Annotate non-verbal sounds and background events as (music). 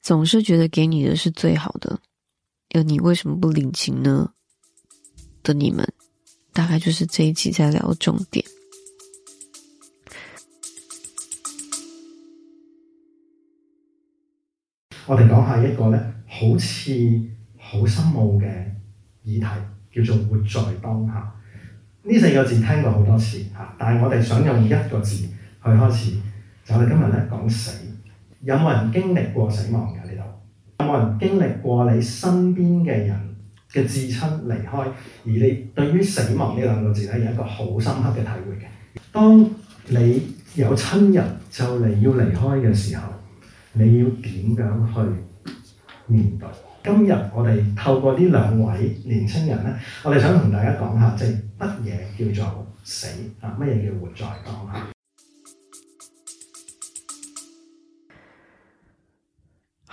總是覺得給你的是最好的，又你為什麼不領情呢？的你們大概就是這一集在聊重點。 (noise) (noise) 我哋講下一個呢，好似好深奧嘅議題，叫做活在當下。呢，啊，四個字聽過好多次吓，啊，但係我哋想用一個字去開始，就我哋今日咧講死。有冇人經歷過死亡㗎？呢度有冇人經歷過你身邊嘅人嘅至親離開？而你對於死亡呢兩個字呢，有一個好深刻嘅體會嘅。當你有親人就嚟要離開嘅時候，你要點樣去面對？今日我哋透過呢兩位年輕人呢，我哋想同大家講下，即係乜嘢叫做死啊？乜嘢叫活在當下？